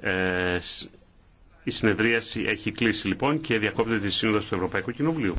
Ε, η συνεδρίαση έχει κλείσει λοιπόν και διακόπτεται η σύνοδος του Ευρωπαϊκού Κοινοβουλίου.